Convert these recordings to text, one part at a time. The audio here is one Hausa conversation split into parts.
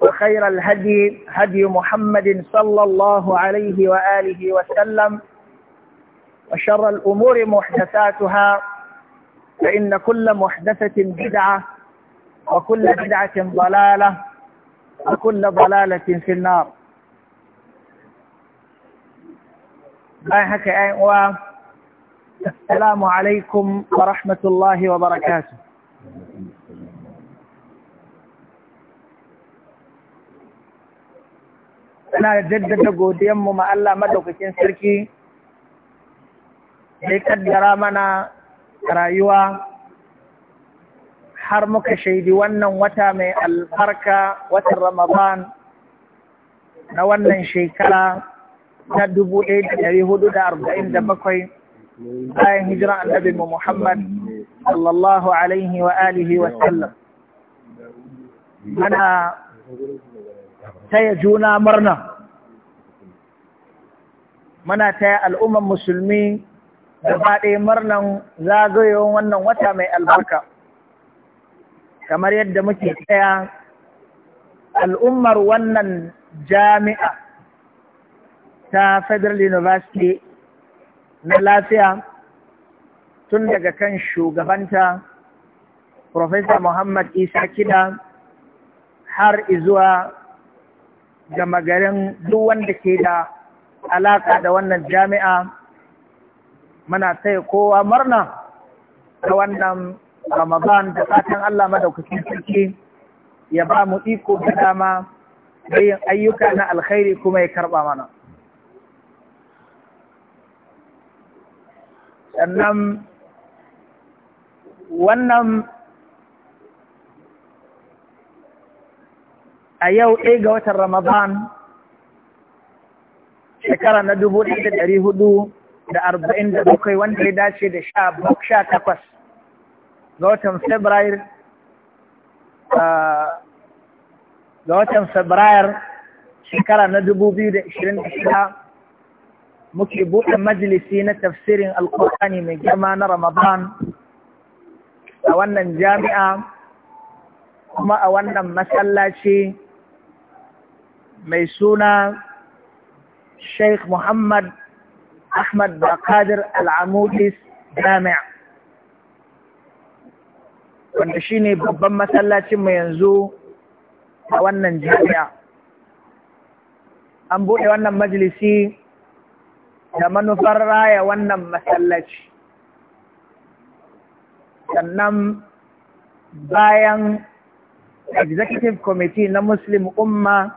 وخير الهدي هدي محمد صلى الله عليه وآله وسلم وشر الأمور محدثاتها فإن كل محدثة بدعة وكل بدعة ضلالة وكل ضلالة في النار السلام عليكم ورحمة الله وبركاته Ina da daddada godiyanmu ma Allah madaukakin sarki da ya kaddara mana rayuwa har muka shaidi wannan wata mai albarka watan Ramadan na wannan shekara na dubu ɗaya da da hudu arba'in bakwai, bayan hijira annabi Muhammad sallallahu alaihi wa alihi wa sallam. Ana taya juna murna muna taya al'umman musulmi gaba ɗaya murnan zagayowar wannan wata mai albarka kamar yadda muke taya al'ummar wannan jami'a ta federal university na lafiya tun daga kan shugabanta Profesa Muhammad Isa Kida har izuwa gama garin duk wanda ke da alaka da wannan jami'a mana sai kowa murna da wannan ramadan da fatan Allah madaukakin sarki ya ba mu iko da dama da yin ayyuka na alkhairi kuma ya karba mana sannan wannan a yau ɗaya ga watan Ramadan shekara na dubu ɗaya da ɗari hudu da arba'in da bakwai wanda ya dace da sha takwas ga watan Fabrair ga watan Fabrair shekara na dubu biyu da ishirin da shida muke buɗe majalisi na tafsirin alkur'ani mai girma na Ramadan a wannan jami'a kuma a wannan masallaci mai suna Sheikh Muhammad Ahmad Bakadir Al'amudis Jami'a wanda shi ne babban masallacinmu yanzu a wannan jami'a. An buɗe wannan majalisi da manufar raya wannan masallaci. Sannan bayan Executive Committee na Muslim Umma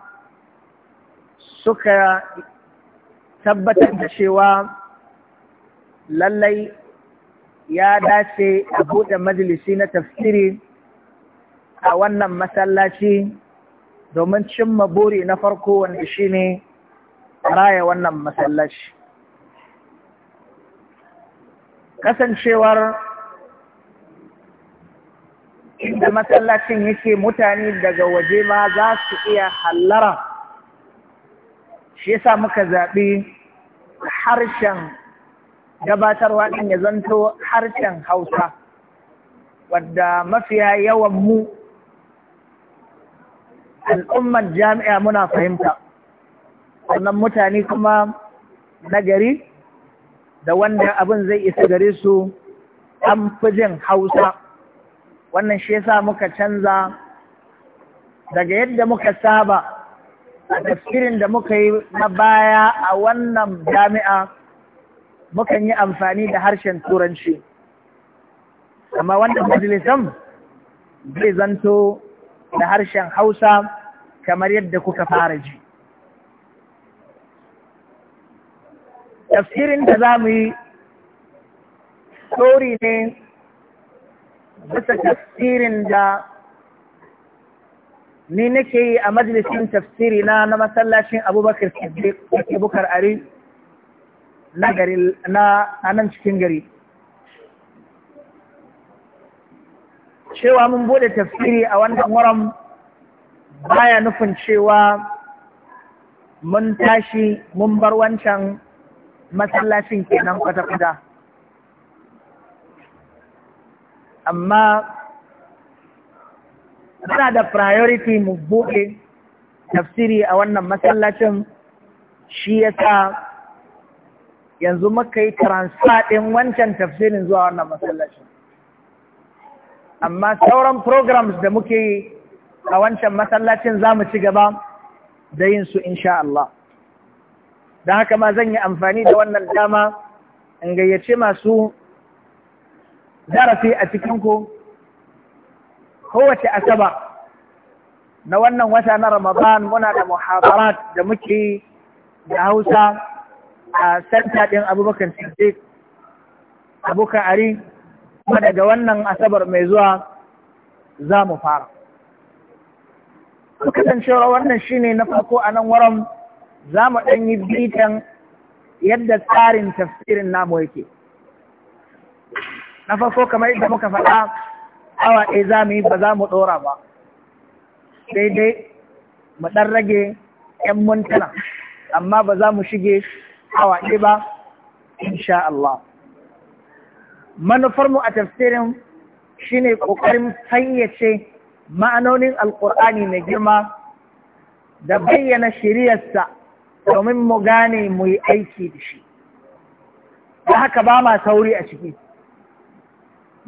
suka tabbatar da cewa lallai ya dace a buɗe majalisi na tafsiri a wannan masallaci domin cimma buri na farko wanda shi ne raya wannan masallaci. Kasancewar inda masallacin yake mutane daga waje ma za su iya hallara shi yasa muka zaɓi harshen gabatarwa ɗin ya zanto harshen hausa wadda mafiya yawan mu al'ummar jami'a muna fahimta wannan mutane kuma nagari, da wanda abin zai isa gare su an fi jin hausa wannan shi yasa muka canza daga yadda muka saba a tafsirin da muka yi na baya a wannan jami'a mukan yi amfani da harshen turanci amma wanda majalisan zai zanto da harshen hausa kamar yadda kuka fara ji tafsirin da za mu yi tsori ne bisa tafsirin da ni nake yi a majalisin tafsiri na na masallacin abubakar siddiq bukar ari na gari na anan cikin gari cewa mun bude tafsiri a wannan wurin baya nufin cewa mun tashi mun bar wancan masallacin kenan kwata-kwata amma muna da priority mu buɗe tafsiri a wannan masallacin shi yasa yanzu muka yi transfer ɗin wancan tafsirin zuwa wannan masallacin amma sauran programs da muke yi a wancan masallacin za mu ci gaba da yin su insha Allah don haka ma zan yi amfani da wannan dama in gayyace masu zarafi a cikin ku. kowace asaba na wannan wata na Ramadan muna da muhabarat da muke da Hausa a santa ɗin abubakar Siddiq abokan Ari kuma daga wannan asabar mai zuwa za mu fara. Kasancewa wannan shine na farko a nan wurin za mu ɗan yi bitan yadda tsarin tafsirin namu yake. Na farko kamar yadda muka faɗa awa ɗaya za mu yi ba za mu ɗora ba dai-dai mu ɗan rage ‘yan mintuna amma ba za mu shige awa ɗaya ba insha Allah manufarmu a tafsirin shine ƙoƙarin fayyace ma'anonin alƙur'ani mai girma da bayyana shiriyarsa domin mu gane mu yi aiki da shi da haka ba ma sauri a ciki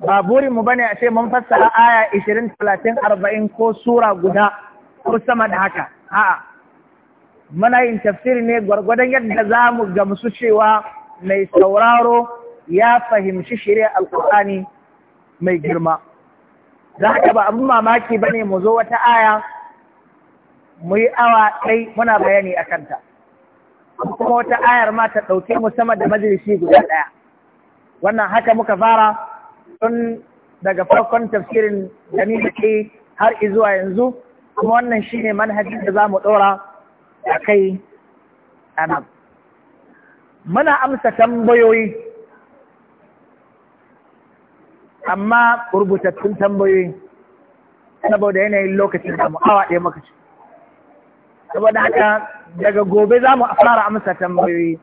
ba burinmu ba ne a ce mun fassara aya ishirin talatin arba'in ko sura guda ko sama da haka a'a muna yin tafsiri ne gwargwadon yadda za mu gamsu cewa mai sauraro ya fahimci shirya alkur'ani mai girma za haka ba abin mamaki ba ne mu zo wata aya mu yi awa ɗai muna bayani a kanta kuma wata ayar ma ta ɗauke mu sama da majalisi guda ɗaya wannan haka muka fara tun daga farkon tafsirin da da ke har izuwa yanzu kuma wannan shine manhajin da za mu ɗora a kai a nan. Muna amsa tambayoyi, amma rubutattun tambayoyi, saboda yanayin lokacin da mu awa ɗaya makaci. Saboda haka daga gobe za mu fara amsa tambayoyi.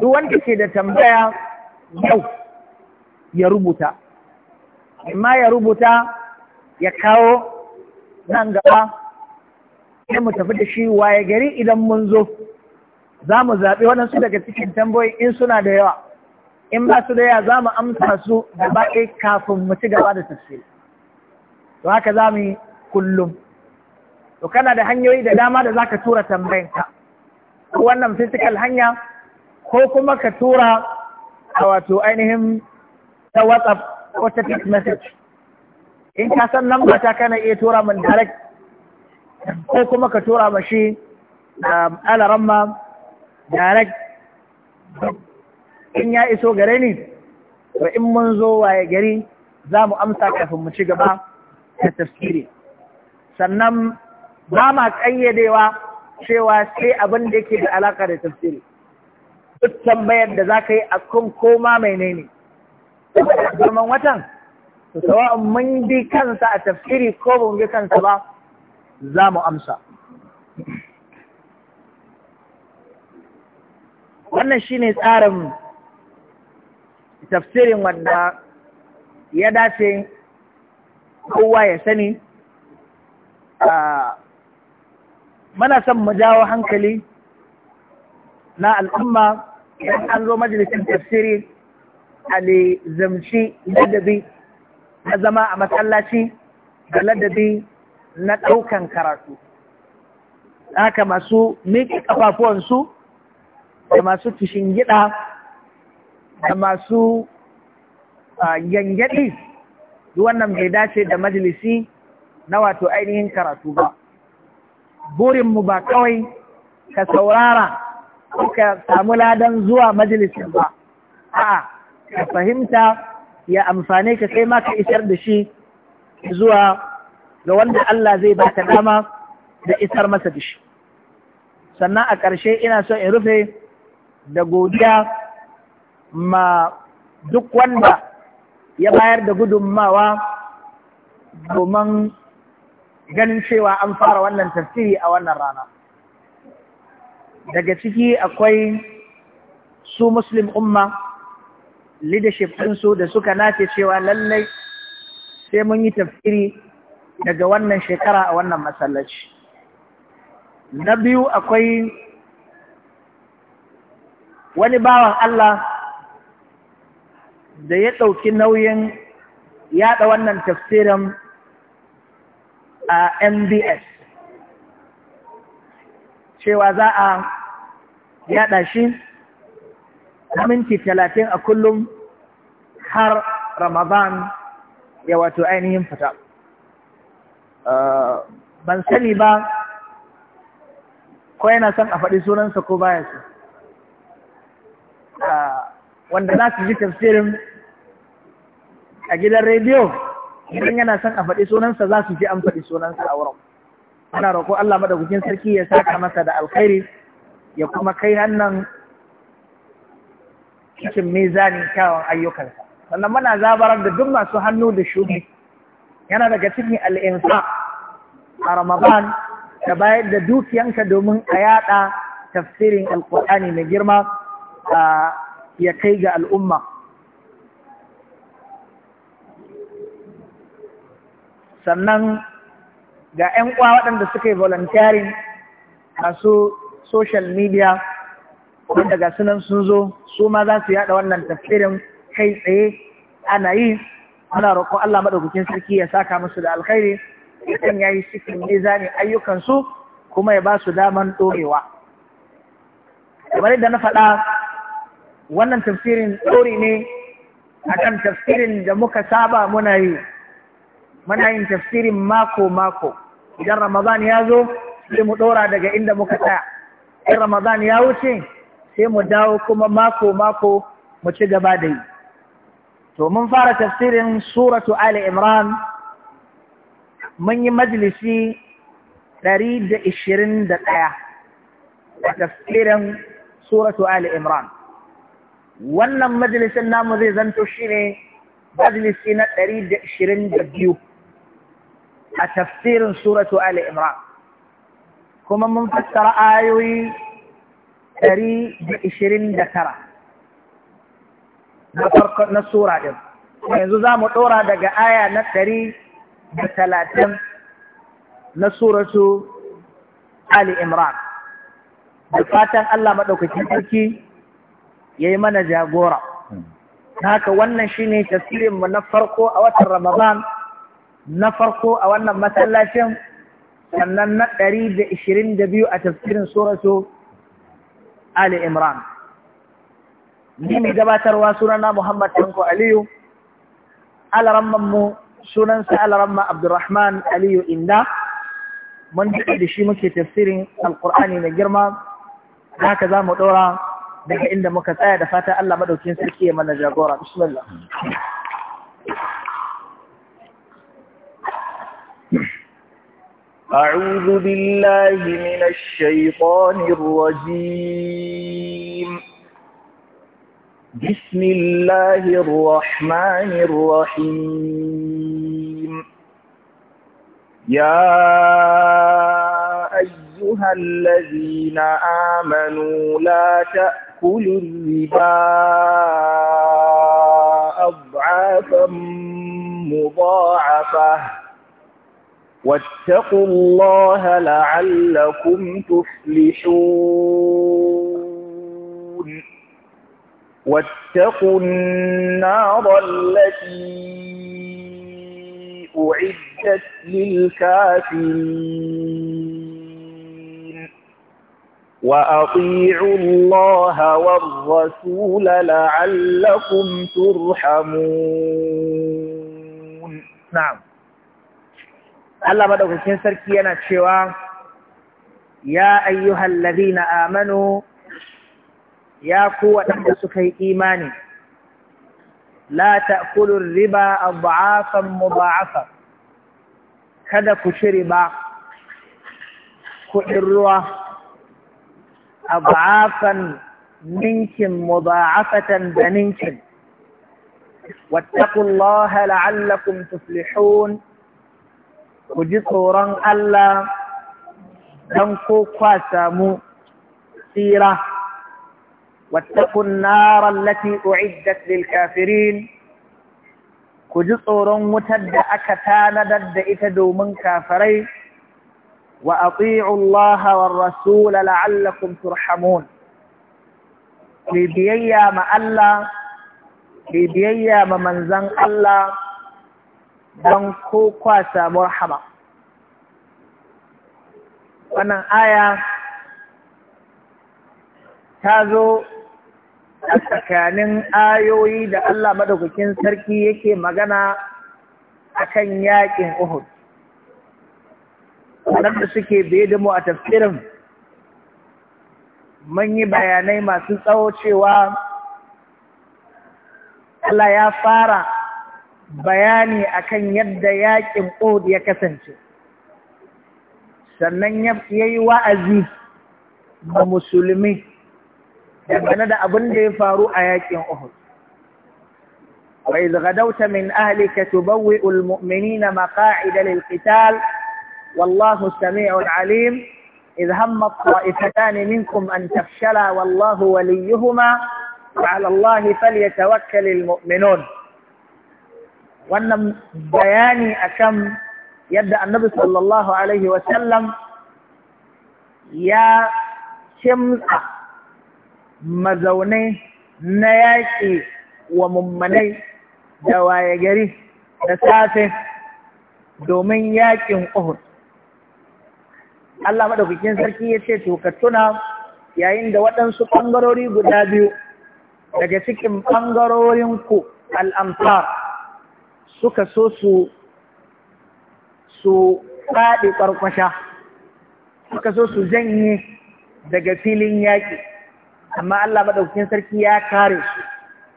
Duk wanda ke da tambaya yau. ya rubuta amma ya rubuta ya kawo nan gaba sai mu tafi da shi waye gari idan mun zo za mu zaɓi waɗansu daga cikin tamboyi in suna da yawa in ba su da yawa za mu amsa su da baƙi kafin mu ci gaba da tafsiri to haka za mu yi kullum to kana da hanyoyi da dama da za ka tura tambayinka ko wannan fisikal hanya ko kuma ka tura a wato ainihin ta WhatsApp ko ta text message in ka san lamba ta kana iya tura min direct ko kuma ka tura ma shi um, ma direct in ya iso gare ni to in mun zo waye gari za mu amsa kafin mu ci gaba da tafsiri sannan ba ma ƙayyadewa cewa sai abin da yake da alaƙa da tafsiri duk tambayar da za ka yi a kan koma mai ne zaman watan to sawa'un mun bi kansa a tafsiri ko ba mu bi kansa ba za mu amsa wannan shi ne tsarin tafsirin wanda ya dace kowa ya sani mana son mu jawo hankali na al'umma idan an zo majalisar tafsirin. a ladabi na zama a matsalaci da ladabi na ɗaukan karatu haka masu miƙe ƙafafuwansu da masu gida da masu yangyaɗi wannan bai dace da majalisi na wato ainihin karatu ba burinmu ba kawai ka saurara ka samu ladan zuwa majalisin ba a'a ka fahimta ya amfane ka kai ma ka isar da shi zuwa ga wanda Allah zai baka dama da isar masa da shi sannan a ƙarshe ina so in rufe da godiya ma duk wanda ya bayar da gudunmawa domin ganin cewa an fara wannan tafsiri a wannan rana daga ciki akwai su muslim umma leadership ɗinsu da suka nace cewa lallai sai mun yi tafsiri daga wannan shekara a wannan masallaci. Na biyu akwai wani bawan Allah da ya ɗauki nauyin yaɗa wannan tafsirin a MBS cewa za a yaɗa shi na minti talatin a kullum har Ramadan ya wato ainihin fita. Uh, ban sani ba ko yana son a faɗi sunansa ko baya su. Uh, wanda za su ji tafsirin a gidan rediyo idan yana son a faɗi sunansa za su ji an faɗi sunansa a wurin. Ana roƙo Allah madagukin sarki ya saka masa da alkhairi ya kuma kai hannan cikin mizanin kyawun ayyukansa sannan muna zabarar da duk masu hannu da shuɗi. yana daga cikin al'insa a ramadan da bayar da dukiyanka domin a yada tafsirin alkur'ani mai girma ya kai ga al'umma sannan ga 'yan kwa waɗanda suka yi volunteering masu social media wanda ga sunan sun zo su ma za su yada wannan tafsirin kai tsaye ana yi ana roƙon Allah madaukakin sarki ya saka musu da alkhairi idan yayi cikin mizanin ayyukan su kuma ya ba su daman dorewa kamar yadda na faɗa wannan tafsirin dori ne akan tafsirin da muka saba muna yi muna yin tafsirin mako mako idan Ramadan ya zo sai mu ɗora daga inda muka tsaya in Ramadan ya wuce sai mu dawo kuma mako-mako mu ci gaba da yi. To, mun fara tafsirin Suratu Ali Imran, mun yi majalisi ɗari da ishirin da ɗaya a tafsirin Suratu Ali Imran. Wannan majalisin namu zai zanto shi ne majalisi na ɗari da ishirin da biyu a tafsirin Suratu Ali Imran. Kuma mun fassara ayoyi ɗari da ishirin da tara na farko na sura ɗin yanzu za mu ɗora daga aya na ɗari da talatin na suratu Ali Imran da fatan Allah maɗaukaki sarki ya yi mana jagora haka wannan shine tasirinmu na farko a watan Ramadan na farko a wannan masallacin sannan na ɗari da ishirin da biyu a tafsirin suratu Ali Imran. Ni mai gabatarwa sunana Muhammad Tanko Aliyu, mu sunansa alaramma Abdurrahman Aliyu Inda, mun da shi muke tafsirin Alƙur'ani mai girma, haka za mu ɗora daga inda muka tsaya da fata Allah maɗaukin sarki ya mana jagora. Bismillah. أعوذ بالله من الشيطان الرجيم بسم الله الرحمن الرحيم يا أيها الذين آمنوا لا تأكلوا الربا أضعافا مضاعفة واتقوا الله لعلكم تفلحون واتقوا النار التي أعدت للكافرين وأطيعوا الله والرسول لعلكم ترحمون نعم Allah maɗaukakin sarki yana cewa ya ayyuhan ladina amanu ya kuwa waɗanda suka yi imani la ta'kulu riba adhafan mudha'afa kada ku ci riba kuɗin ruwa adhafan ninkin mudha'afatan da ninkin wattaqullaha la'allakum tuflihun ku ji tsoron Allah don ko kwa samu tsira wattakun nara lati uiddat lil kafirin ku ji tsoron wutar da aka tanadar da ita domin kafirai wa ati'u Allah wa rasula la'allakum turhamun ku biyayya ma Allah ku biyayya ma manzan Allah don ko kwa samuwar hama wannan aya ta zo a tsakanin ayoyi da Allah madaukakin sarki yake magana a kan yaƙin Uhud da suke biye da mu a tafsirin mun yi bayanai masu tsawo cewa Allah ya fara bayani akan yadda yaƙin Uhud ya kasance sannan ya yi wa'azi ga musulmi dangane da abin da ya faru a yaƙin Uhud وإذ غدوت من أهلك تبوئ المؤمنين مقاعد للقتال والله سميع عليم إذ هم الطائفتان منكم أن تفشلا والله وليهما وعلى الله فليتوكل المؤمنون wannan bayani akan yadda annabi sallallahu alaihi wasallam ya cimsa mazaunai na yaƙi wa mummanai da waye gari da safe domin yaƙin Uhud. Allah madaukakin sarki ya ce to ka tuna yayin da waɗansu ɓangarori guda biyu daga cikin ɓangarorinku ku al'amfar suka so su faɗi ƙwarƙwasha suka so su janye daga filin yaƙi amma Allah Maɗaukin sarki ya kare su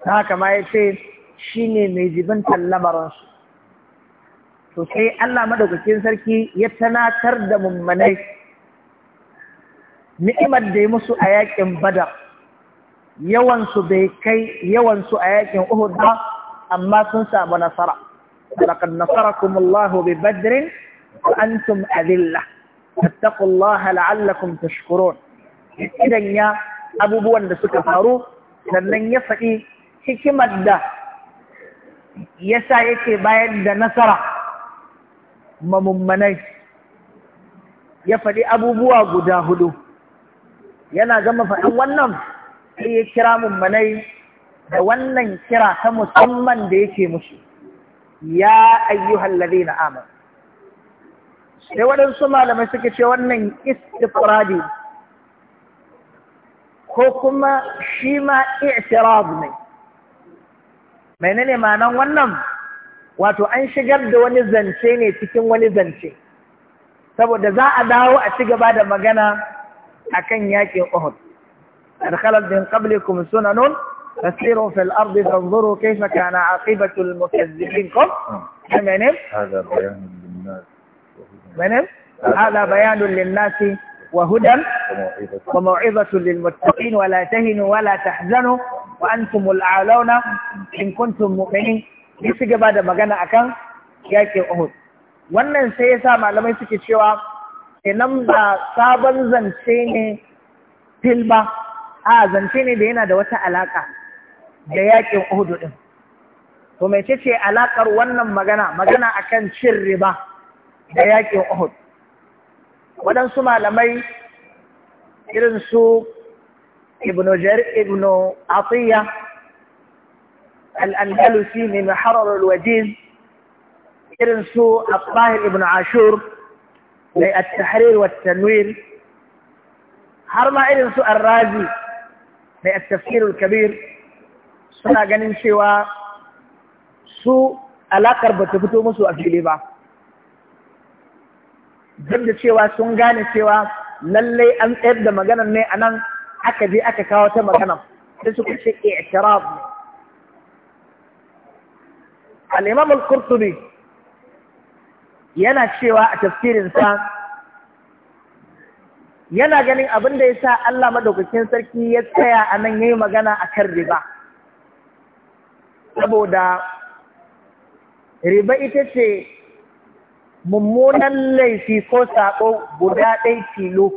ta haka ma ya ce shi ne mai jibin lamaransu to sai Allah Maɗaukin sarki ya tanatar da mummanai ni'imar da ya musu a yaƙin Bada, yawansu bai kai yawansu a yaƙin uhud ba amma sun samu nasara لقد نصركم الله ببدر وأنتم أذلة فاتقوا الله لعلكم تشكرون إذا يا أبو بوان دسك فاروق لن يفعي حكمة دا يسا يكي بايد دا نصرة مممني يفعي أبو بوا قداهدو yana gama faɗin wannan sai ya kira mummanai da wannan kira ta musamman da yake musu ya ayyuhal na Amur sai waɗansu malamai suka ce wannan istifradi ko kuma shi ma i'tirab ne menene ma'anan wannan wato an shigar da wani zance ne cikin wani zance saboda za a dawo a ci gaba da magana akan yakin Uhud adkhala min qablikum sunanun فسيروا في الأرض فانظروا كيف كان عاقبة المكذبين كم منهم هذا بيان للناس منهم هذا بيان للناس وهدى وموعظة للمتقين ولا تهنوا ولا تحزنوا وأنتم الأعلون إن كنتم مؤمنين su gaba da magana akan yakin Uhud wannan sai yasa malamai suke cewa kenan ba sabon zance ne filba a zance ne da yana da wata alaka da yakin Uhud din to me kace alakar wannan magana magana akan cin riba da yakin Uhud waɗansu malamai irin su ibnu jar ibnu atiya al-andalusi min harar al-wajiz irin su abbahir ibnu ashur mai at-tahrir wa tanwir har ma irin su ar-razi mai at-tafsir al-kabir suna ganin cewa su alakar ba ta fito musu a fili ba duk da cewa sun gane cewa lallai an tsayar da maganar ne a nan aka je aka kawo ta maganar sai suka ce i'tirab ne al-imam al-qurtubi yana cewa a tafsirinsa yana ganin abin da ya sa Allah madaukakin sarki ya tsaya a nan yi magana akan riba saboda riba ita ce mummunan laifi ko saƙo guda ɗai tilo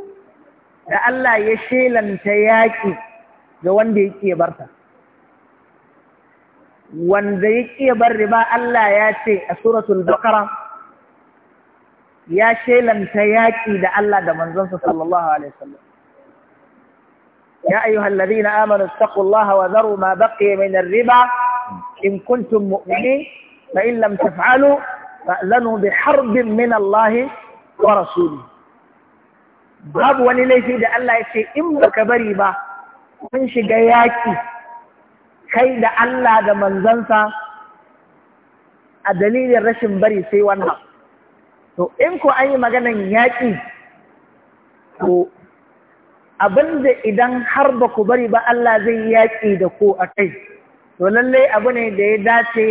da Allah ya shelanta yaƙi ga wanda ya ƙiye barta. Wanda ya ƙiye bar riba Allah ya ce a suratul Bakara ya shelanta yaƙi da Allah da manzansa sallallahu Alaihi wasallam. يا أيها الذين آمنوا اتقوا الله وذروا ما بقي من الربا إن كنتم مؤمنين فإن لم تفعلوا فأذنوا بحرب من الله ورسوله باب ونليفي ده الله يشي إن بكبري با من شقياكي kai da Allah da manzansa a dalilin rashin bari sai wannan. To, in ku an yi maganan yaƙi, to, abinda idan har baku bari ba Allah zai yaƙi da ko akai. to lallai abu ne da ya dace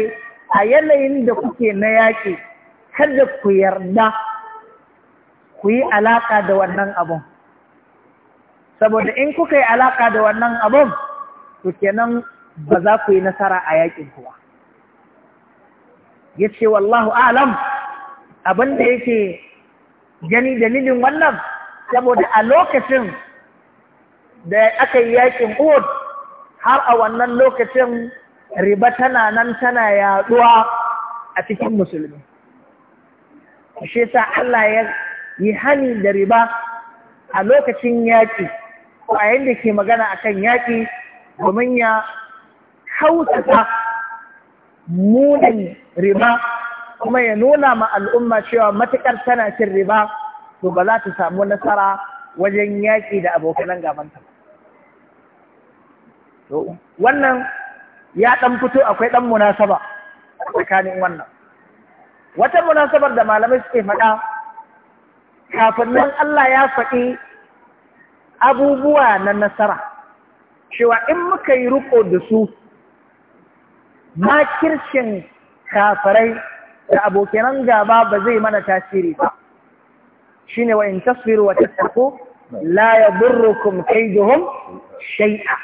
a yanayin da kuke na yaƙi kada ku yarda ku yi alaƙa da wannan abun saboda in kuka yi alaƙa da wannan abun to kenan ba za ku yi nasara a yaƙin kuwa ya ce wallahu alam abin da yake gani dalilin wannan saboda a lokacin da aka yi yaƙin uwa har a wannan lokacin riba tana nan tana yaduwa a cikin musulmi shi sa Allah ya yi hani da riba a lokacin yaƙi a yadda ke magana akan yaƙi domin ya hautata munin riba kuma ya nuna ma al'umma cewa matuƙar tana cin riba to ba za ta samu nasara wajen yaƙi da abokanan gabanta To wannan ya ɗan fito akwai ɗan munasaba tsakanin wannan wata munasabar da malamai suke faɗa kafin nan Allah ya faɗi abubuwa na nasara cewa in muka yi riko da su ma makircin kafirai da abokanan gaba ba zai mana tasiri ba shine wa in tasbiru wa tattaqu la yadurrukum kaiduhum shay'a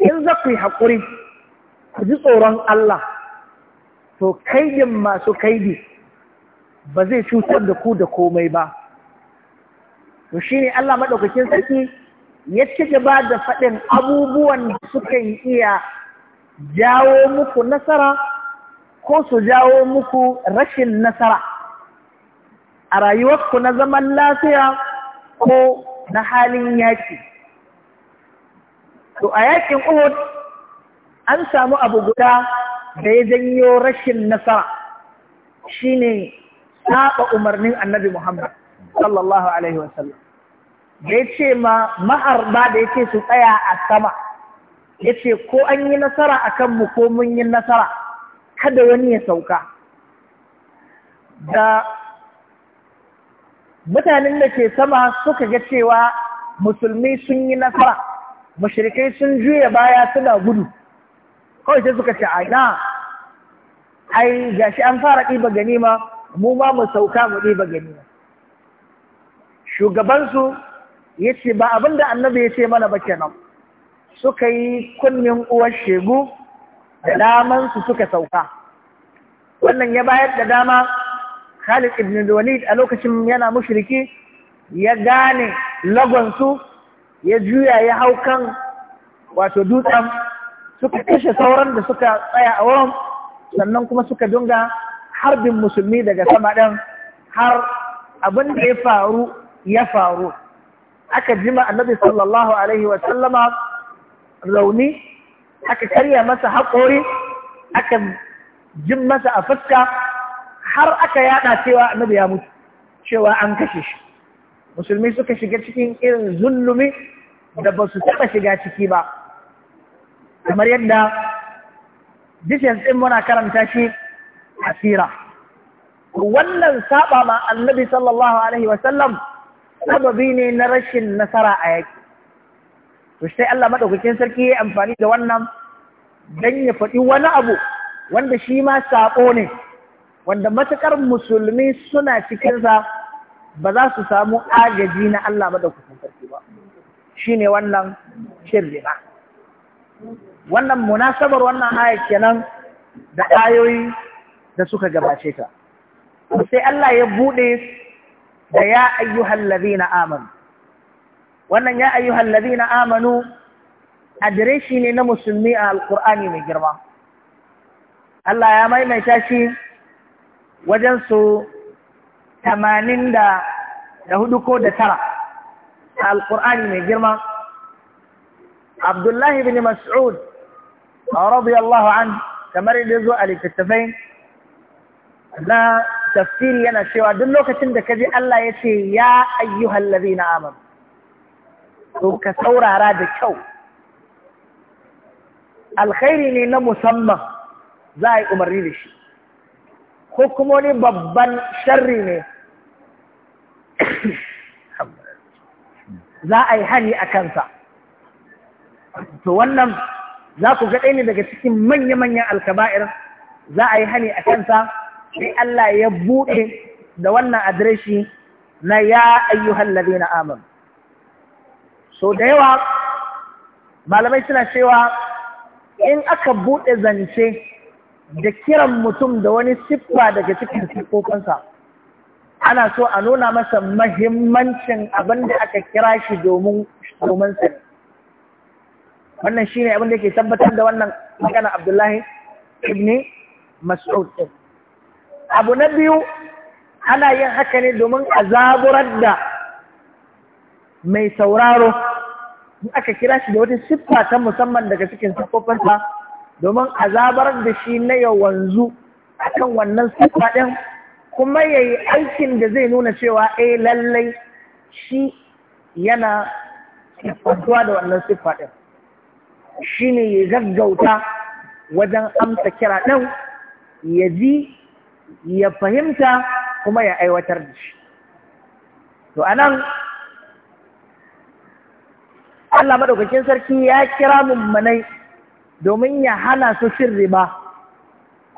in za ku yi haƙuri ku ji tsoron Allah to kaidin masu kaidi ba zai cutar da ku da komai ba to ne Allah maɗaukakin sarki ya ci gaba da faɗin abubuwan da sukan iya jawo muku nasara ko su jawo muku rashin nasara a rayuwarku na zaman lafiya ko na halin yaki? to a yakin Uhud an samu abu guda da ya janyo rashin nasara shine saba umarnin Annabi Muhammad sallallahu alaihi wasallam da yace ma ba da ce su tsaya a sama yace ko an yi nasara akan mu ko mun yi nasara kada wani ya sauka da mutanen da ke sama suka ga cewa musulmi sun yi nasara mashirikai sun juya baya suna gudu kawai sai suka ce ina ai gashi an fara ɗiba ganima mu ma mu sauka mu ɗiba ganima shugabansu ya ce ba abin da annabi ya ce mana ba kenan suka yi kunnin uwar shegu da damansu suka sauka wannan ya bayar da dama Khalid ibn Walid a lokacin yana mushriki ya gane lagonsu ya juya ya hau kan wato dutsen suka kashe sauran da suka tsaya a wurin sannan kuma suka dunga harbin musulmi daga sama ɗan har abin da ya faru ya faru aka jima annabi sallallahu alaihi wa sallama rauni aka karya masa haƙori aka jin masa a fuska har aka yada cewa annabi ya mutu cewa an kashe shi musulmi suka shiga cikin irin zulumi da ba su taɓa shiga ciki ba kamar yadda dishes ɗin muna karanta shi a sira wannan saba ma annabi sallallahu alaihi wasallam sababi ne na rashin nasara a yaki to sai Allah madaukakin sarki ya amfani da wannan don ya faɗi wani abu wanda shi ma saɓo ne wanda matukar musulmi suna cikinsa ba za su samu agaji na Allah ba da kusan ba shi ne wannan shirrina wannan munasabar wannan ayat kenan da ayoyi da suka gabace ta sai Allah ya bude da ya ayyuhal ladina amanu wannan ya ayyuhal ladina amanu adireshi ne na musulmi a alkur'ani mai girma Allah ya maimaita shi wajen su tamanin da hudu ko da tara a alkur'ani mai girma abdullahi bin mas'ud radiyallahu an kamar yadda zo a littattafai na tafsiri yana cewa duk lokacin da ka ji Allah ya ce ya ayyuhal ladina amanu to ka saurara da kyau alkhairi ne na musamman za a yi umarni da shi ko kuma wani babban sharri ne za a yi hari a kansa to wannan za ku ga ne daga cikin manya-manyan alkaba'ir za a yi hani a kansa sai Allah ya buɗe da wannan adireshi na ya ayyuhan na amin so da yawa malamai suna cewa in aka buɗe zance da kiran mutum da wani siffa daga cikin siffofinsa ana so a nuna masa mahimmancin abin da aka kira shi domin domin sa wannan shine abin da ke tabbatar da wannan magana Abdullahi ibn Mas'ud abu na ana yin haka ne domin azaburar da mai sauraro in aka kira shi da wata siffa ta musamman daga cikin siffofinsa domin azabar da shi na yau wanzu akan wannan siffa din kuma ya yi aikin da zai nuna cewa eh lallai shi yana kwantuwa da wannan siffa ɗin shi ne ya gaggauta wajen amsa kira ɗin ya ji ya fahimta kuma ya aiwatar da shi to anan Allah maɗaukakin sarki ya kira mummanai domin ya hana su sirri ba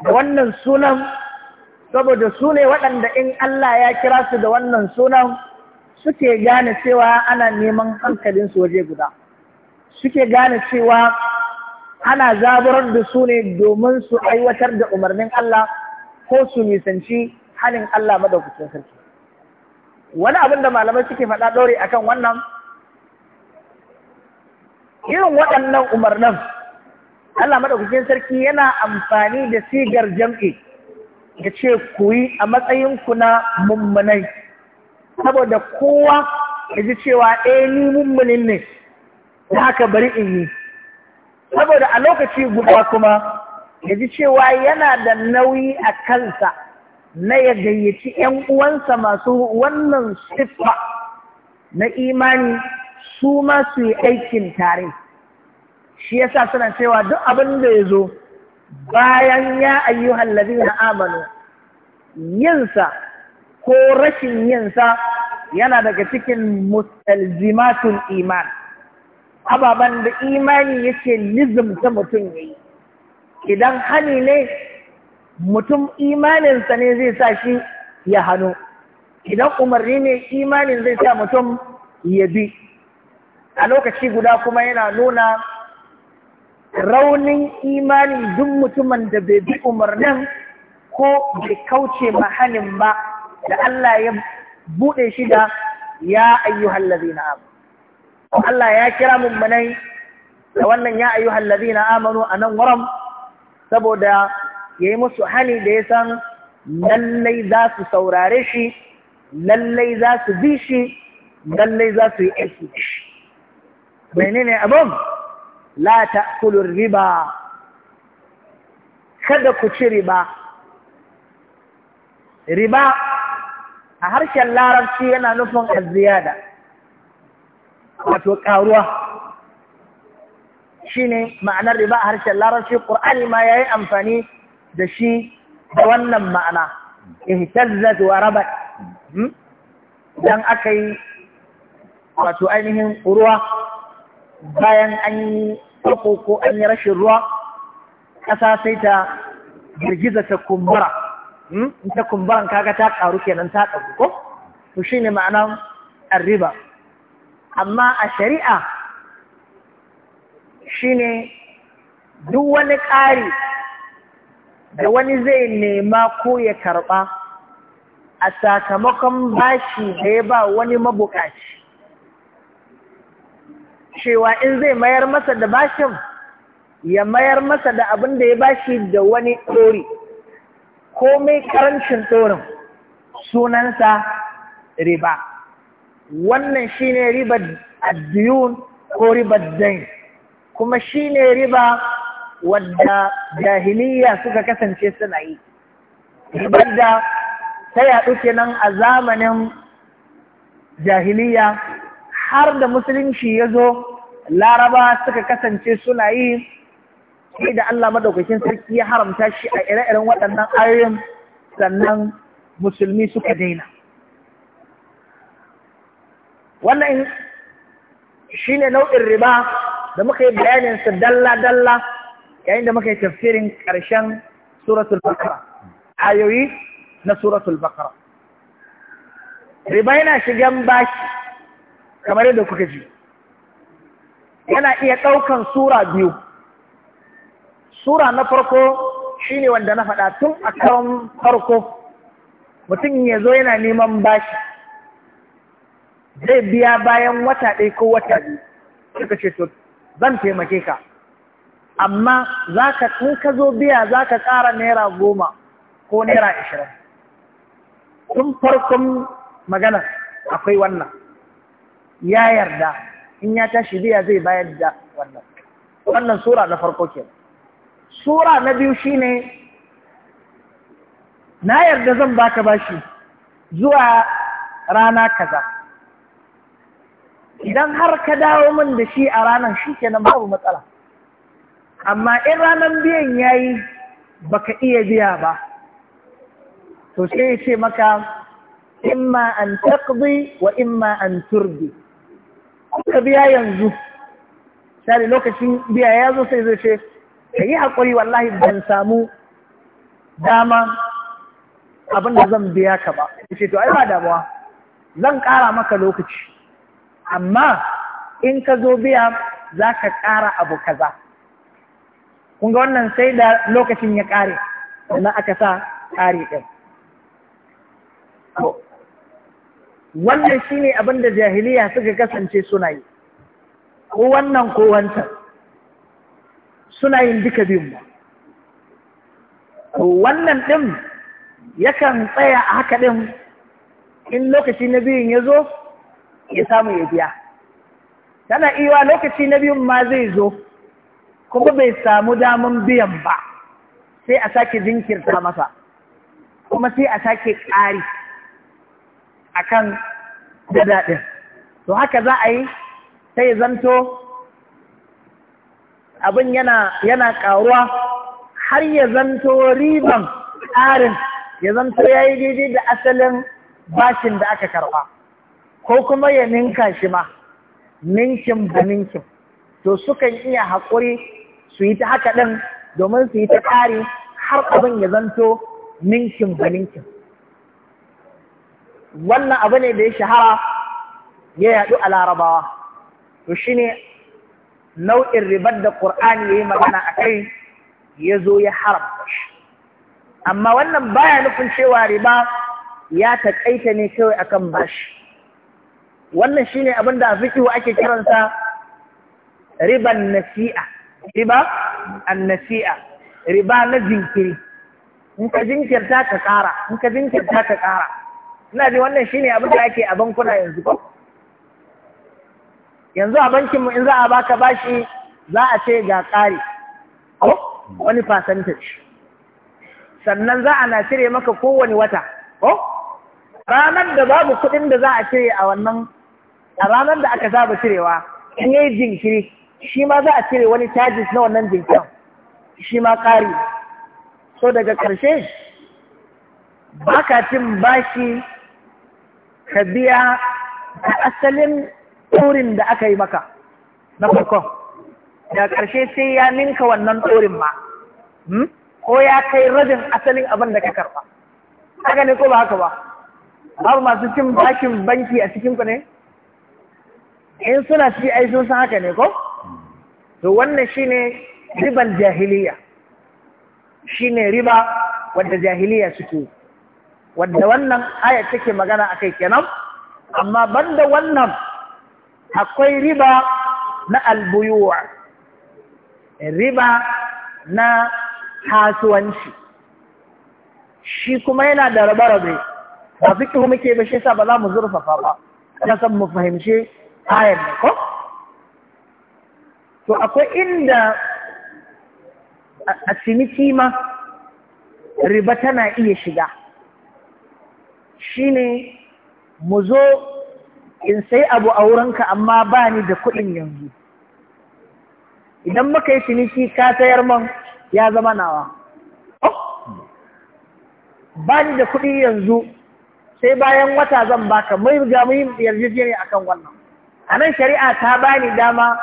da wannan sunan saboda su ne waɗanda in Allah ya kira su da wannan sunan suke gane cewa ana neman hankalinsu waje guda suke gane cewa ana zaburar da su ne domin su aiwatar da umarnin Allah ko su nisanci halin Allah madaukakin sarki wani abin da malamai suke faɗa ɗore akan wannan irin waɗannan umarnan Allah madaukakin sarki yana amfani da sigar jam'i ya ce ku yi a matsayinku na mummunai saboda kowa ya ji cewa eh ni mummunin ne da haka bari in yi saboda a lokaci guda kuma ya ji cewa yana da nauyi a kansa na ya gayyaci ‘yan uwansa masu wannan siffa na imani su ma yi aikin tare shi yasa suna cewa duk abin da ya zo bayan ya ayyuhal ladina amanu yinsa ko rashin yinsa yana daga cikin mustalzimatul iman ababen da imani yake ta mutum ya yi idan hani ne mutum imaninsa ne zai sa shi ya hannu idan umarni ne imanin zai sa mutum ya bi a lokaci guda kuma yana nuna raunin imani duk mutumin da bai bi umarnin ko bai kauce mahalin ba da Allah ya buɗe shi da ya ayyuhal na amanu Allah ya kira mummunai da wannan ya ayyuhal na amanu a nan wuram saboda ya yi musu hani da ya san lallai za su saurare shi lallai za su bi shi lallai za su yi aiki da shi menene abin la ta kulun riba kada ku ci riba riba a harshen larabci yana nufin azziyada wato karuwa ne ma'anar riba a harshen larabci qur'ani ma ya yi amfani da shi da wannan ma'ana ihtazzat wa rabat hmm? aka yi wato ainihin ruwa bayan an yi farko ko an yi rashin ruwa ƙasa sai ta girgiza ta kumbara hmm? in ta kaga ta ƙaru kenan ta ƙaru ko to ne ma'anan arriba amma a shari'a shi ne duk wani ƙari da wani zai nema ko ya karɓa a sakamakon bashi da ya ba wani mabuƙaci. cewa in zai mayar masa da bashin ya mayar masa da abin da ya bashi da wani ɗori komai karancin ɗorin sunansa riba wannan shi shine ribar addiyun ko ribar dain kuma shi ne riba wadda jahiliya suka kasance suna yi ribar da ta yaɗu kenan a zamanin jahiliya har da musulunci ya zo laraba suka kasance suna yi sai da Allah madaukakin sarki ya haramta shi a ire-iren waɗannan ayoyin sannan musulmi suka daina wannan shi ne nau'in riba da muka yi bayaninsa dalla-dalla yayin da muka yi tafsirin ƙarshen suratul bakara ayoyi na suratul bakara riba yana shigan bashi kamar yadda kuka ji yana iya ɗaukan sura biyu sura na farko shine wanda na faɗa tun a kan farko mutum ya zo yana neman bashi zai biya bayan wata ɗaya ko wata biyu suka ce to zan taimake ka amma za ka in ka zo biya za ka ƙara naira goma ko naira ashirin tun farkon magana akwai wannan ya yarda in ya tashi biya zai bayar da wannan wannan sura na farko ke sura na biyu shine na yarda zan baka bashi zuwa rana kaza idan har ka dawo min da shi a ranar shi nan babu matsala amma in ranar biyan ya yi ba ka iya biya ba to sai ya ce maka imma an taqdi wa imma an turbi ka biya yanzu sai lokacin biya ya zo sai zai ce ka yi haƙuri wallahi ban samu dama abin da zan biya ka ba ya ce to ai ba damuwa zan ƙara maka lokaci amma in ka zo biya za ka ƙara abu kaza kun ga wannan sai da lokacin ya ƙare sannan aka sa ƙare ɗin wannan shine abin da jahiliya suka kasance suna yi ko wannan ko wancan suna yin duka biyun ba wannan ɗin yakan tsaya a haka ɗin in lokaci na biyun ya zo ya samu ya biya tana iya lokaci na biyun ma zai zo kuma bai samu damun biyan ba sai a sake jinkirta masa kuma sai a sake ƙari akan da daɗin to haka za a yi sai zanto abin yana ƙaruwa har ya zanto riban ƙarin ya zanto ya yi daidai da asalin bashin da aka karɓa ko kuma ya ninka shi ma ninkin ba ninkin to sukan iya haƙuri su yi ta haka ɗin domin su yi ta ƙari har abin ya zanto ninkin ba ninkin wannan abu ne da ya shahara ya yaɗu a larabawa to shi ne nau'in ribar da ƙur'ani ya yi magana a kai ya zo ya haramta shi amma wannan baya nufin cewa riba ya taƙaita ne kawai akan bashi wannan shi ne abin da a fikihu ake kiransa riban nasi'a riba an nasi'a riba na jinkiri in ka jinkirta ka ƙara in ka jinkirta ka ƙara ina ji wannan shi ne abin da ake a bankuna yanzu ko yanzu a bankinmu in za a baka bashi za a ce ga ƙari ko wani percentage sannan za a na cire maka kowane wata ko ranar da babu kuɗin da za a cire a wannan a ranar da aka saba cirewa in yi jinkiri shi ma za a cire wani charges na wannan jinkirin shi ma ƙari so daga ƙarshe ba ka cin bashi ka biya a asalin ɗorin da aka yi maka na farkon da ƙarshe sai ya ninka wannan ɗorin ma hmm? ko ya kai rabin asalin abin da ka karɓa haka ne ko ba haka ba babu masu cin bashin banki a cikin ne in suna ci ai sun san haka ne ko to wannan shine riban jahiliya shine riba wadda jahiliya suke wadda wannan aya take magana akai kenan amma banda wannan akwai riba na albuyuwa riba na kasuwanci shi kuma yana da rabe-rabe ba fiƙi muke ba shi sa ba za mu zurfafa ba na san mu fahimci ayar ne ko to akwai inda a ciniki ma riba tana iya shiga shine mu zo in sai abu a wurinka amma ba ni da kuɗin yanzu idan muka yi ciniki ka sayar man ya zama nawa oh! ba ni da kuɗi yanzu sai bayan wata zan baka mai ga muhim yarjejeniya akan wannan a nan shari'a ta ba ni dama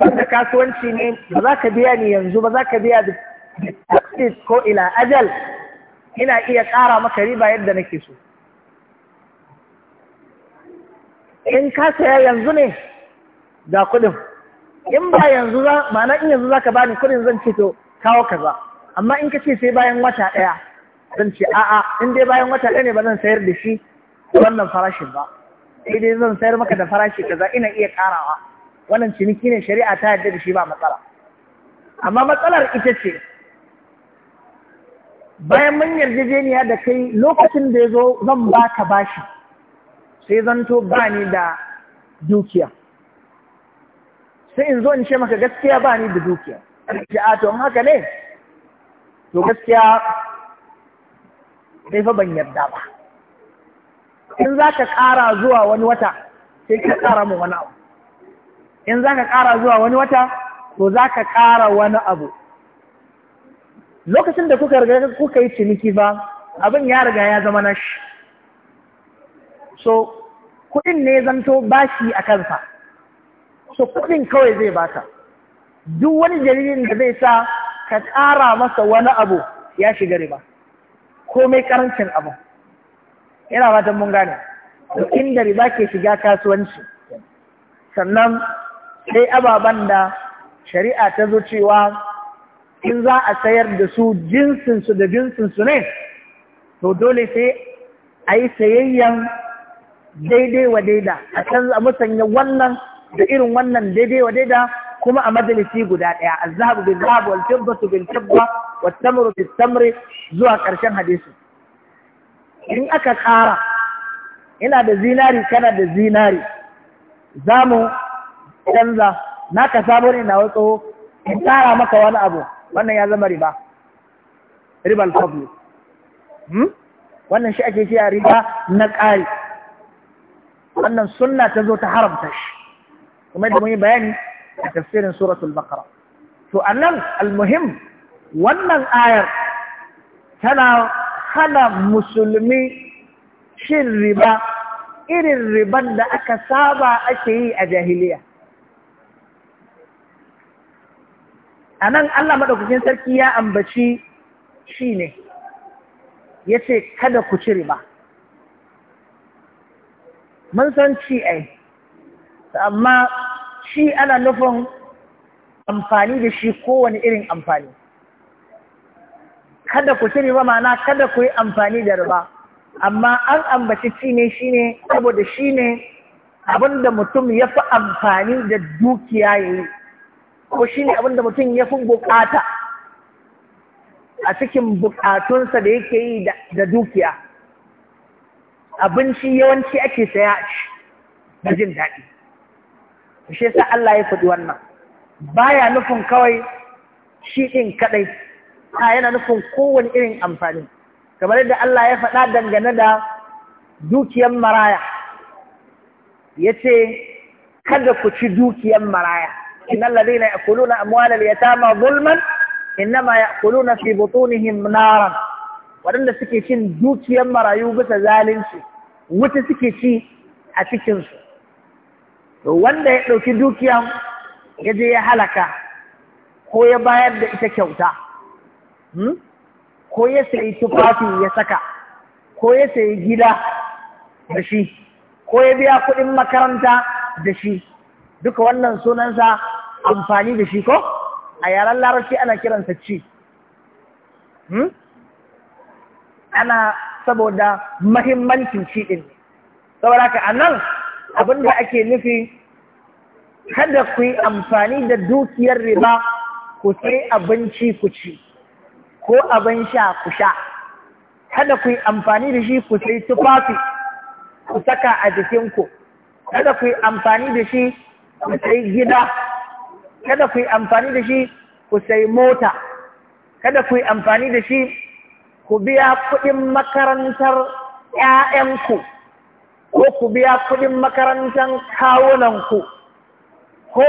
wanda kasuwanci ne ba za ka biya ni yanzu ba za ka biya da ko ila ajal ina iya ƙara maka riba yadda nake so in ka saya yanzu ne ga kuɗin in ba yanzu za ma'ana in yanzu za ka bani kuɗin zan ce to kawo kaza amma in ka ce sai bayan wata ɗaya zan ce a'a in dai bayan wata ɗaya ne ba zan sayar da shi wannan farashin ba sai dai zan sayar maka da farashi kaza ina iya ƙarawa wannan ciniki ne shari'a ta yadda da shi ba matsala amma matsalar ita ce bayan mun yarjejeniya da kai lokacin da ya zo zan ba ka bashi sai zanto ba ni da dukiya sai in zo in ce maka gaskiya ba ni da dukiya a to haka ne to gaskiya sai fa ban yarda ba in za ka ƙara zuwa wani wata sai ka ƙara mu wani abu in za ka ƙara zuwa wani wata to za ka ƙara wani abu lokacin da kuka riga kuka yi ciniki ba abin ya riga ya zama nashi so kuɗin ne zanto bashi a kansa so kuɗin kawai zai baka duk wani jaririn da zai sa ka ƙara masa wani abu ya shiga riba komai ƙarancin abu yana fatan mun gane da riba ke shiga kasuwanci sannan sai ababen da shari'a ta zo cewa in za a sayar da su jinsinsu da jinsinsu ne to dole sai a yi sayayyan daidai wa daida a canza musanya wannan da irin wannan daidai wa daida kuma a majalisi guda ɗaya a zahabu bin zahab wal su bin fidda wat tamuru bis tamuri zuwa ƙarshen hadisu. in aka ƙara ina da zinari kana da zinari za mu canza naka samu ne na wato in ƙara maka wani abu wannan ya zama riba ribal fadl hmm? wannan shi ake cewa riba na ƙari wannan sunna ta zo ta haramta shi kuma da mun yi bayani a tafsirin suratul baqara to annan almuhim wannan ayar tana hana musulmi shin riba irin riban da aka saba ake yi a jahiliya a nan Allah maɗaukacin sarki ya ambaci shi ne ya ce kada ku ci riba mun san ci ai amma shi ana nufin amfani da shi kowane irin amfani kada ku ci riba ma'ana kada ku yi amfani da riba amma an ambaci ci ne shi ne saboda shi ne abinda mutum ya fi amfani da dukiya ya yi ko shi ne abinda mutum ya fi bukata a cikin bukatunsa da yake yi da dukiya abinci yawanci ake saya da jin daɗi shi sa Allah ya faɗi wannan baya nufin kawai shi ɗin kaɗai a yana nufin kowane irin amfani kamar yadda Allah ya faɗa dangane da dukiyar maraya ya ce kada ku ci dukiyar maraya إن الذين يأكلون أموال اليتامى ظلما إنما يأكلون في waɗanda suke cin dukiyan marayu bisa zalunci wuta suke ci a cikinsu to wanda ya ɗauki dukiyar ya je ya halaka ko ya bayar da ita kyauta hmm? ko ya sayi tufafi ya saka ko ya sayi gida da shi ko ya biya kuɗin makaranta da shi duka wannan sunansa amfani da shi ko a yaren larabci ana kiransa ci hmm? ana saboda mahimmancin ci ɗin saboda ka a nan abinda ake nufi kada ku yi amfani da dukiyar riba ku sai abinci ku ci ko abin sha ku sha kada ku yi amfani da shi ku sai tufafi ku saka a jikinku kada ku yi amfani da shi ku sai gida kada ku yi amfani da shi ku sai mota kada ku yi amfani da shi ku biya kuɗin makarantar ‘ya'yanku ko ku biya kuɗin makarantar kawunanku ko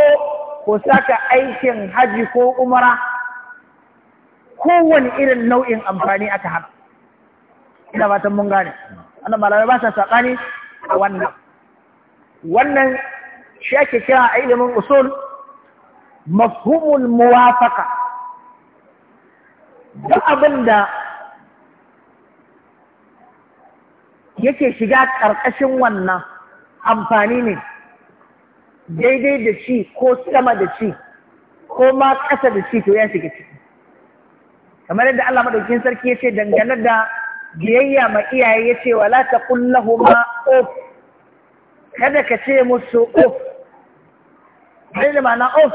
ku saka aikin haji ko umara kowane irin nau'in amfani aka hana ina fatan mun gane Wannan malamai ba sa saƙani a wannan wannan shi ake kira a ilimin usul mafhumul muwafaka duk abin da yake shiga ƙarƙashin wannan amfani ne daidai da shi ko sama da shi ko ma ƙasa da shi to ya shiga ciki kamar yadda Allah madaukin sarki yace dangane da biyayya ma iyaye yace wala taqul ma uf kada ka ce musu uf sai da na of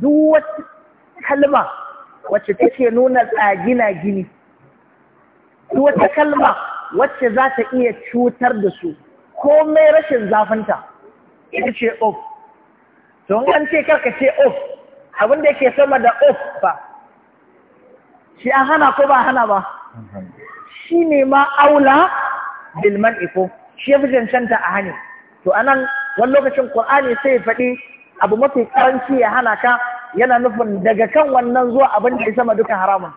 duk wata kalma wacce take nuna tsagina gini duk wata kalma wacce za ta iya cutar da su ko mai rashin zafinta ita ce of to an ce karka ce of abin yake sama da of ba shi an hana ko ba hana ba shi ne ma aula bilman iko shi ya fi cancanta a hani to anan wani lokacin Qur'ani sai ya faɗi abu mafi karanci ya hana ka yana nufin daga kan wannan zuwa abin da ya sama duka haramun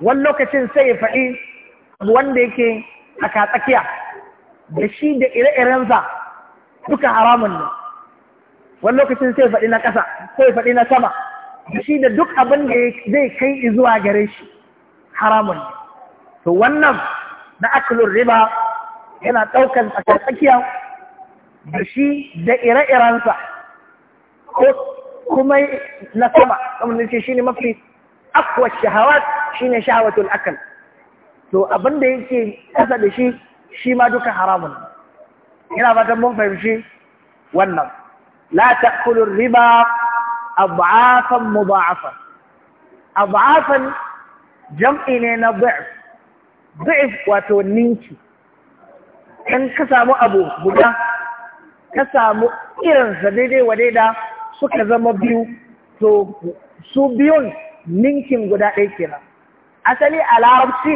wani lokacin sai ya faɗi abu wanda yake a katsakiya da shi da ire-irensa duka haramun ne wani lokacin sai faɗi na ƙasa sai faɗi na sama da shi da duk abin da zai kai zuwa gare shi haramun ne to wannan na aklun riba yana ɗaukar a tsakiya da shi da ire-irensa ko kuma na sama kamar da shi ne mafi akwa shahawat shi ne shahawatul akal to abin da yake kasa da shi shi ma duka haramun ina fatan mun fahimci wannan la kulun riba ad'afan mudha'afan ad'afan jam'i ne na bu'af bu'af wato ninki in ka samu abu guda ka samu irinsa daidai wa daida suka zama biyu to su biyun ninkin guda ɗaya kenan asali a larabci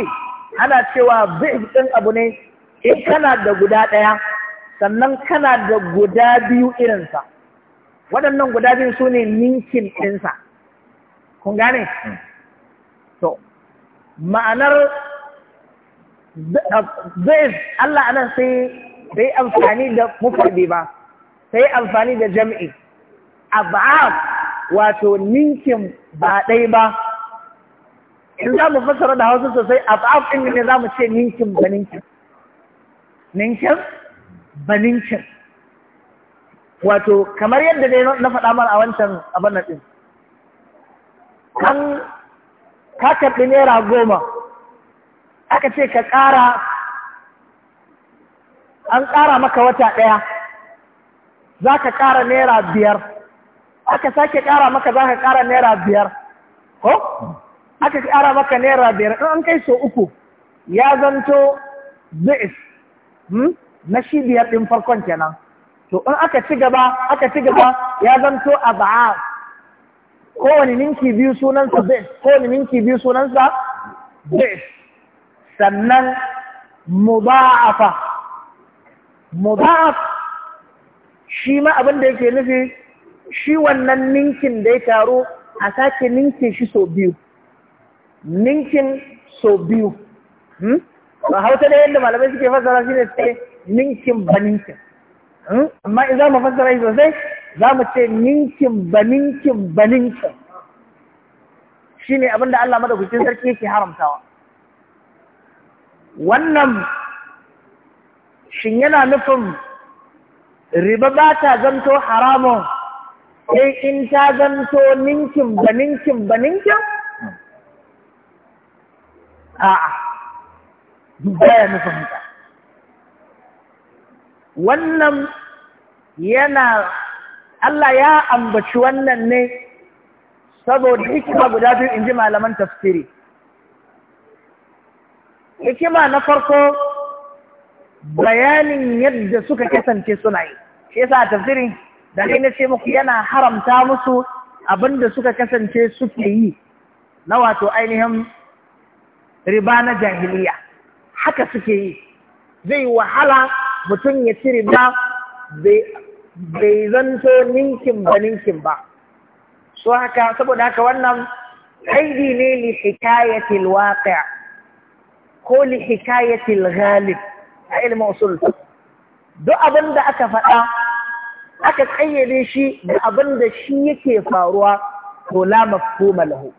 ana cewa bi'if ɗin abu ne in kana da guda ɗaya sannan kana da guda biyu irinsa waɗannan guda biyu su ne ninkin ɗinsa kun gane hmm. to ma'anar bi'if Allah anan sai sai amfani da mufardi ba sai amfani da jam'i ab'af wato ninkin ba ɗai ba in za mu fassara da hausa sosai ab'af ɗin ne za mu ce ninkin ba ninkin ninkin ba ninkin wato kamar yadda dai na faɗa mana a wancan abin nan ɗin an ka karɓi naira goma aka ce ka ƙara an ƙara maka wata ɗaya za ka ƙara naira biyar aka sake ƙara maka za ka ƙara naira biyar ko aka ƙara maka naira biyar in an kai so uku ya zanto zai hmm? na shi biyar ɗin farkon kenan to in aka ci gaba aka ci gaba ya zanto a ba'a kowane ninki biyu sunansa zai kowane ninki biyu sunansa zai sannan muba'afa mudaf shi ma abin da yake nufi shi wannan ninkin da ya taru a sake ninkin shi sau biyu ninkin sau biyu ba hmm? hauta da yadda malamai suke fassara shi ne sai ninkin ba ninkin hmm? amma in za mu fassara shi sosai za mu ce ninkin ba ninkin ba ninkin shi ne abin da Allah madaukakin sarki yake haramtawa wannan shin yana nufin riba ba ta zanto haramun sai in ta zanto ninkin ba ninkin ba ninkin? A'a, baya nufin ba. Wannan yana Allah ya ambaci wannan ne saboda hikima guda biyu in ji malaman tafsiri. Hikima na farko bayanin yadda suka kasance suna yi shi yasa tafsirin da kai na ce muku yana haramta musu abinda suka kasance suke yi na wato ainihin riba na jahiliya haka suke yi zai wahala mutum ya ci riba bai zanto ninkin ba ninkin ba su haka saboda haka wannan aidi ne li hikayatil waqi' ko li hikayatil ghalib a ilimin usul duk abin da aka faɗa aka ƙayyade shi da abin da shi yake faruwa to la mafhuma lahu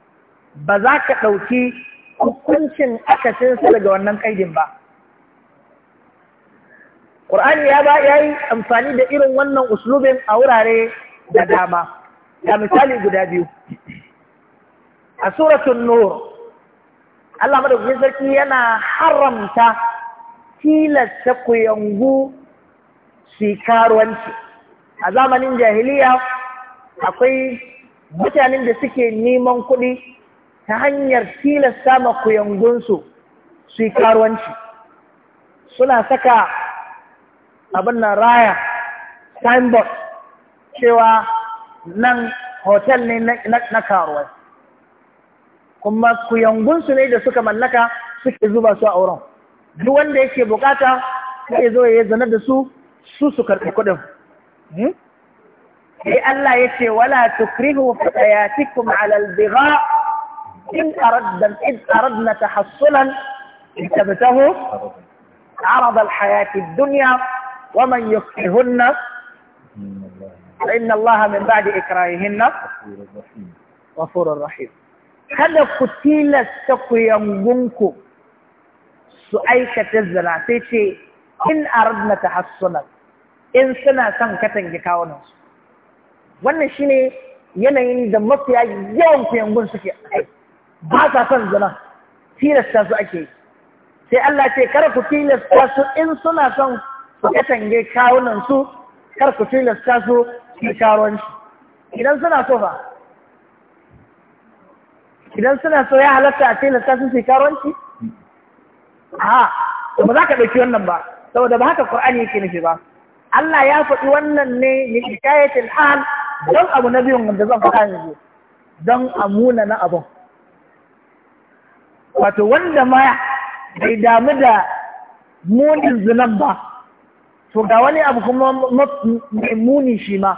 ba za ka ɗauki hukuncin akasinsa daga wannan ƙaidin ba ƙur'ani ya ba ya yi amfani da irin wannan uslubin a wurare da dama ga misali guda biyu a suratun nur Allah madaukakin sarki yana haramta tilasta kuyangu su karuwanci a zamanin jahiliya akwai mutanen da suke neman kuɗi ta hanyar tilasta ma kuyangunsu su karuwanci suna saka abin nan raya signboard cewa nan hotel ne na karuwai kuma kuyangunsu ne da suka mallaka suke zuba su a wurin duk wanda yake bukata sai zo ya zana da su su su karɓi kuɗin eh Allah yace wala tukrihu fatayatikum ala albigha in aradna in aradna tahassulan tabtahu عرض الحياة الدنيا ومن يصلهن فإن الله من بعد إكراههن غفور رحيم kada ku tilasta ku yangunku su aikata zina sai ce in a ta tahassunan in suna son katange kawunansu wannan shi ne yanayin da mafiya yawan fiyangun suke ba sa son zina tilasta su ake sai Allah ce kar ku tilasta su in suna son su katange kawunansu kar ku tilasta su su karuwanci idan suna so ba idan suna so ya halatta a tilasta su su karuwanci a ba za ka ɗauki wannan ba saboda ba haka Qur'ani yake nufi ba Allah ya faɗi wannan ne min hikayatil hal don abu na biyun wanda zan faɗa yanzu don amuna na abun wato wanda ma bai damu da munin zunan ba to ga wani abu kuma mai muni shi ma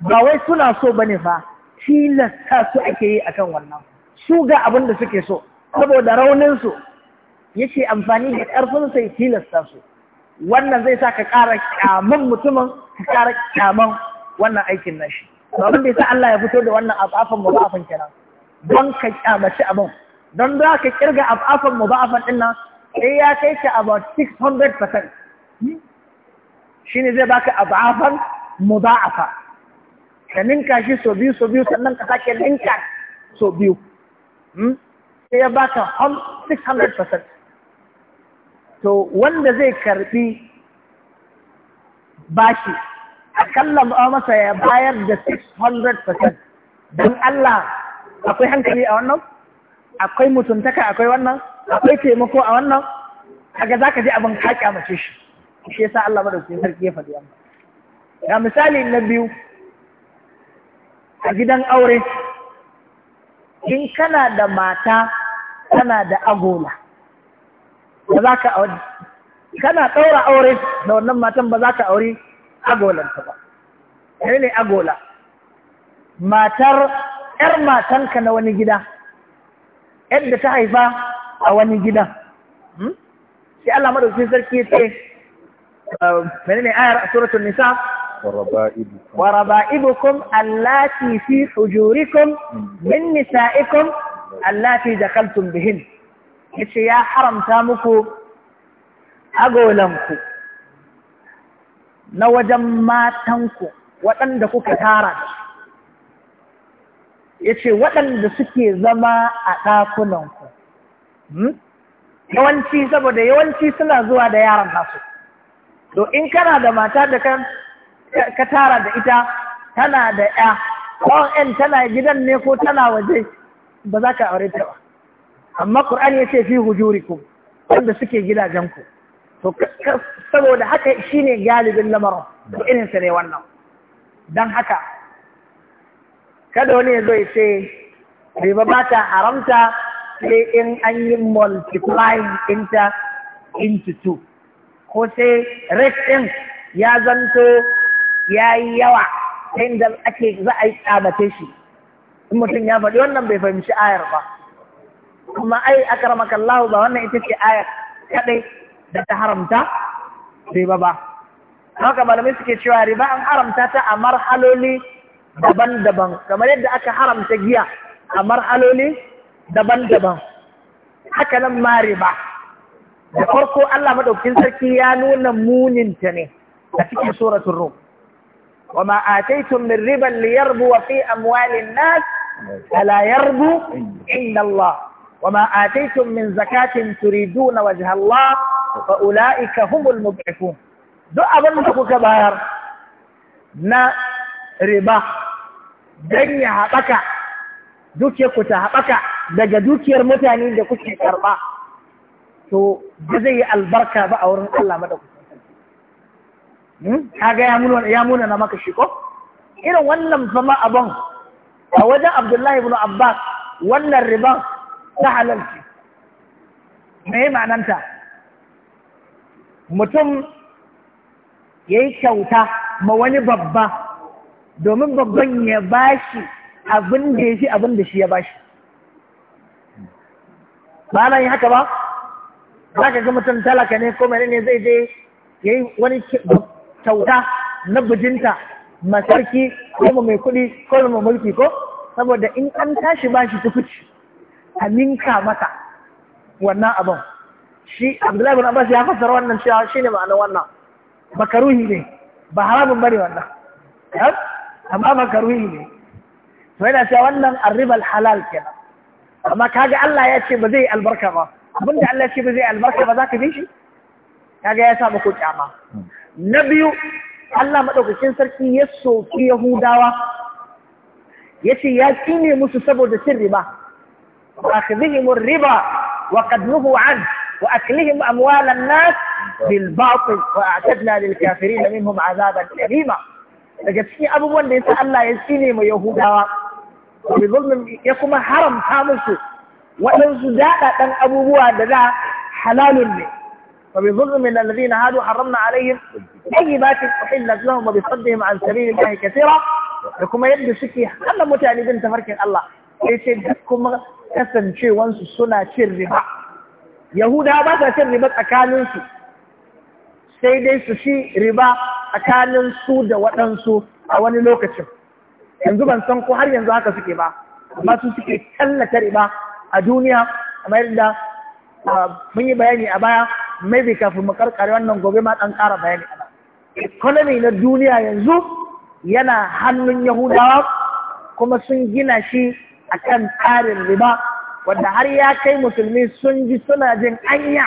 ba wai suna so ba ne fa tilasta su ake yi akan wannan su ga abin da suke so saboda rauninsu yake amfani da ƙarfin sai tilasta su wannan zai sa ka ƙara kyaman mutumin ka ƙara kyaman wannan aikin nashi to abin da yasa Allah ya fito da wannan afafan mubafan kenan don ka kyamaci abin don za ka kirga afafan mubafan din nan sai ya kai ka about 600% shine zai baka afafan mudaafa ka ninka shi so biyu so biyu sannan ka sake ninka so biyu hmm? sai ya baka 600% to wanda zai karbi bashi akalla ba masa ya bayar da 600% don Allah akwai hankali a wannan akwai mutuntaka akwai wannan akwai taimako a wannan kaga zaka ji abin ka mace shi shi yasa Allah madaukakin sarki ya faɗi yamma. ga misali na biyu a gidan aure in kana da mata kana da agola ba za ka aure kana ɗaura aure da wannan matan ba za ka aure agolanta ba ne agola matar ‘yar matanka na wani gida yadda ta haifa a wani gida hmm? sai Allah madaukakin sarki ya ce um, mene ne ayar a suratul nisa وربائبكم اللاتي في حجوركم من نسائكم اللاتي دخلتم بهن Ya ce ya haramta muku agolanku na wajen matanku waɗanda kuka tara Ya ce waɗanda suke zama a ɗakunanku hmm? yawanci saboda yawanci suna zuwa da yaran nasu to in kana da mata da ka tara da ita tana da ya ƙon tana gidan ne ko tana waje ba za ka aure ta ba amma ya ce fi hujurikum wanda suke gidajenku to saboda haka shine galibin lamarin to irin sa wannan dan haka kada wani ya zo ya ce riba ba ta haramta sai in an yi multiplying inta into two ko sai rate ɗin ya zanto ya yi yawa ta inda ake za a yi tsabace shi in mutum ya faɗi wannan bai fahimci ayar ba kuma ai akramaka Allah ba wannan ita ce ayat kadai da ta haramta riba ba haka malamai suke cewa riba an haramta ta a marhaloli daban-daban kamar yadda aka haramta giya a marhaloli daban-daban haka nan ma riba da farko Allah madaukakin sarki ya nuna muninta ne a cikin suratul rum وما آتيتم من ربا ليربو في أموال الناس فلا يربو عند الله وما آتيتم من زكاة تريدون وجه الله فأولئك هم المضعفون duk abin da kuka bayar na riba don ya haɓaka dukiyarku ta haɓaka daga dukiyar mutane da kuke karɓa to ba zai yi albarka ba a wurin hmm? ya muna na maka shi ko irin wannan fama abin a wajen Abdullahi ibn Abbas wannan riban ta halalci me ma'ananta mutum ya yi kyauta ma wani babba domin babban ya bashi abin da ya fi abin da shi ya bashi ba na yi haka ba za ka ga mutum talaka ne ko mene ne zai je ya yi wani kyauta na bijinta masarki ko mai kuɗi ko mai mulki ko saboda in an tashi ba bashi tukuci a ninka mata wannan abin shi abdullahi bin abbas ya fassara wannan cewa shi ne ma'ana wannan makaruhi ne ba haramun bane wannan eh? amma makaruhi ne to yana cewa wannan arribal halal kenan amma kaga Allah ya ce ba zai albarka ba abinda Allah ya ce ba zai albarka ba za ka bi shi kaga ya sa muku kyama na biyu Allah madaukakin sarki ya soki Yahudawa ya ce ya kine musu saboda cin riba وأخذهم الربا وقد نهوا عنه وأكلهم أموال الناس بالباطل وأعتدنا للكافرين منهم عذابا كريما لقد في أبو من ليس ألا يسيني ما يهود وبظلم يقوم حرم حامس وإن زدادة أبو هو هذا حلال لي فبظلم من الذين هادوا حرمنا عليهم اي طيبات أحلت لهم وبصدهم عن سبيل الله كثيرا لكم يبدو شكي أنا متعني بنت فرك الله ليس كما kasancewansu suna cin riba yahuda ba sa cin riba tsakaninsu sai dai su shi riba tsakaninsu da waɗansu a wani lokacin yanzu ban san ko har yanzu haka suke ba amma su suke tallata riba a duniya kamar da mun yi bayani a baya maybe kafin mu karkare wannan gobe ma ɗan ƙara bayani a economy na duniya yanzu yana hannun yahudawa kuma sun gina shi a kan tsarin riba wanda har ya kai musulmi sun ji suna jin anya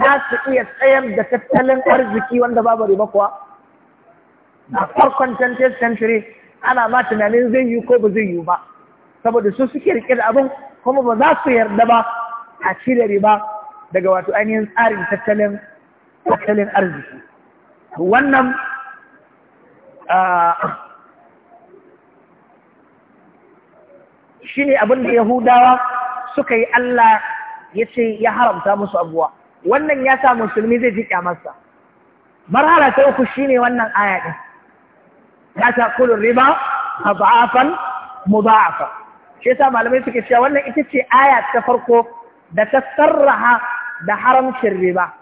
za su iya tsayar da tattalin arziki wanda babu riba kuwa a farkon 20th century ana ma tunanin zai yi ko ba zai yi ba saboda su suke rike da abin kuma ba za su yarda ba a cire riba daga wato ainihin tsarin tattalin tattalin arziki wannan ah, shi ne abin da yahudawa suka yi Allah ya ce ya haramta musu abuwa wannan ya sa musulmi zai ji kyamarsa marhala ta uku shi ne wannan aya ɗin sa takulun riba adhafan mudha'afa shi sa malamai suke cewa wannan ita ce aya ta farko da ta sarraha da haramcin riba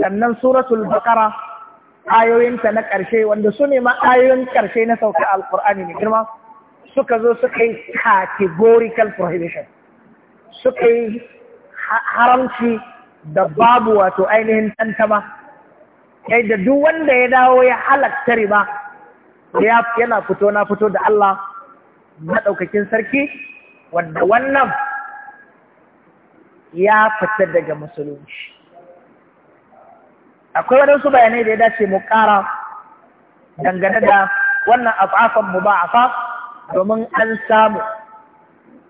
sannan suratul baƙara ayoyinta na ƙarshe wanda su ne ma ayoyin ƙarshe na sauka alƙur'ani ne girma suka zo suka yi categorical prohibition suka yi haramci da babu wato ainihin tantama da duk wanda ya dawo ya halatta riba yana fito na fito da Allah maɗaukakin sarki wanda wannan ya fita daga musulunci akwai waɗansu bayanai da ya dace mu ƙara dangane da wannan afafan mu ba afa domin an samu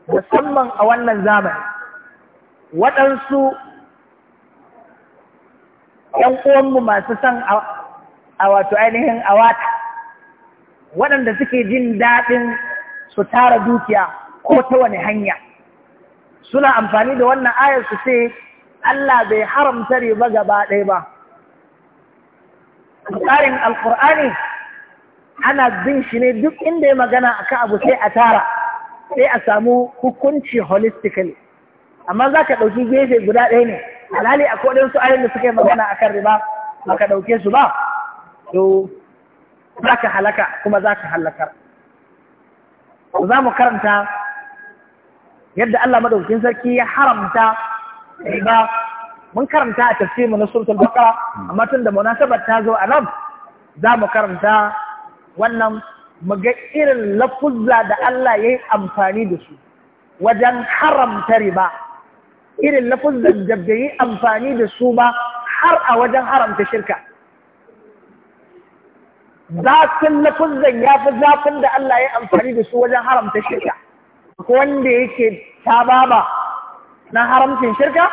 musamman a wannan zamani waɗansu ‘yan uwanmu masu son a wato ainihin awata waɗanda suke jin daɗin su tara dukiya ko ta wani hanya suna amfani da wannan ayar su sai Allah bai haramta riba gaba ɗaya ba. Tsarin Alƙur'ani ana bin shi ne duk inda ya magana a ka abu sai a tara sai a samu hukunci holistically amma za ka ɗauki gefe guda ɗaya ne alhali a kodin su ayin da suka yi magana a kan riba ba ka ɗauke su ba to za ka halaka kuma za ka halakar za mu karanta yadda Allah maɗaukin sarki ya haramta riba mun karanta a tafsirin na suratul baqara amma tun da munasabar ta zo a nan za mu karanta wannan ga irin lafuzza da Allah ya yi amfani da su wajen haramta riba irin lafuzzan da bai yi amfani da su ba har a wajen haramta shirka zafin lafuzzan ya fi zafin da Allah ya yi amfani da su wajen haramta shirka ko wanda yake baba na haramcin shirka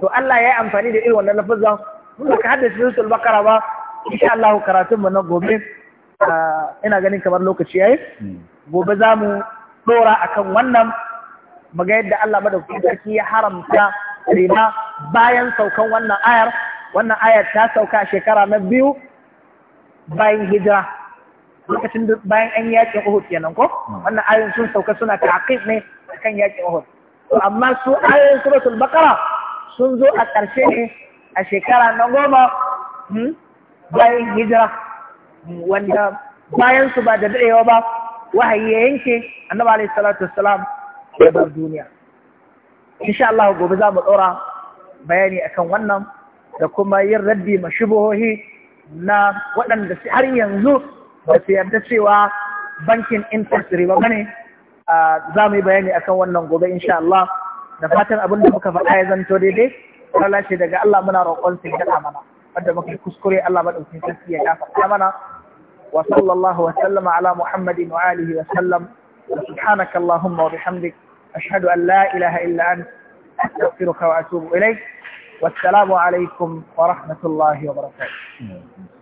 to Allah ya yi amfani da irin wannan lafuzzan ba ka haddace su bakara ba insha Allah karatun mu na gobe ina ganin kamar lokaci yayi hmm. gobe za mu dora akan wannan maga yadda Allah madaukakin sarki ya haramta rina bayan saukan wannan ayar wannan ayar ta sauka shekara na biyu bayan hijira lokacin bayan an yakin Uhud kenan ko hmm. wannan ayoyin sun sauka suna ta'aqib ne akan yakin Uhud to amma su ayoyin suratul baqara sun zo a ƙarshe ne a shekara na goma hmm? bayan hijira wanda bayan su ba da daɗewa ba wahayi ya yanke annaba alaihi salatu wassalam ya bar duniya insha Allah gobe za mu ɗora bayani akan wannan da kuma yin raddi ma shubuhohi na waɗanda har yanzu ba su yarda cewa bankin interest riba bane za mu yi bayani akan wannan gobe insha Allah da fatan abin da muka faɗa ya zanto daidai Allah shi daga Allah muna roƙon su ya mana wanda muka kuskure Allah madaukakin sarki ya gafarta mana wa sallallahu wa sallama ala muhammadin wa alihi wa sallam subhanaka allahumma wa bihamdik ashhadu an la ilaha illa anta astaghfiruka wa atubu ilaik wassalamu alaikum wa rahmatullahi wa barakatuh